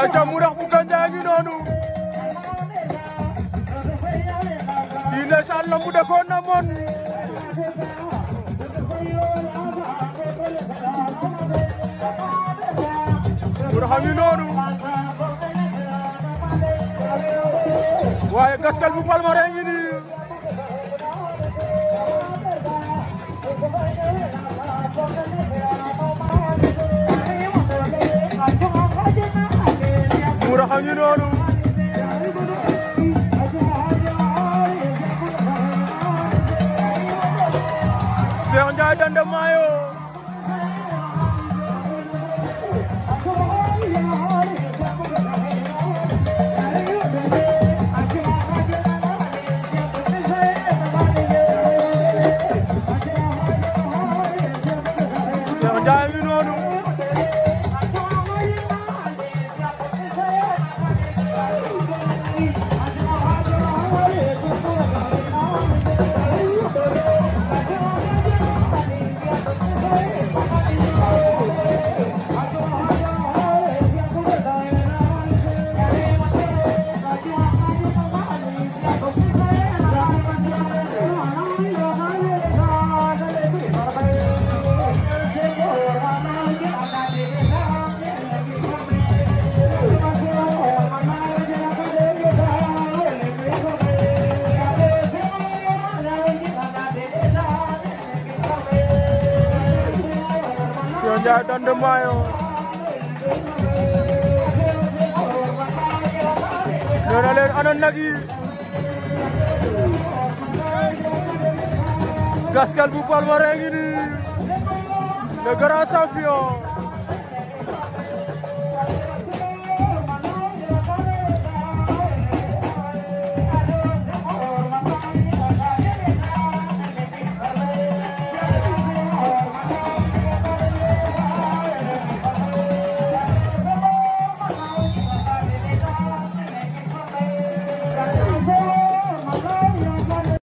aca Mourax bu Gandiaye ngi noonu kii ndeysaan lambu da ko namoon Mourax a ngi noonu waaye gaskal bu Palmarin ngi mu raxa ñu noonu Cheikh Ndiaye Danda Mayo Tonton Ndiaye Donde Mayo nee na leen ana nag yi Gaskel bu Palmarin ngi nii le grand champion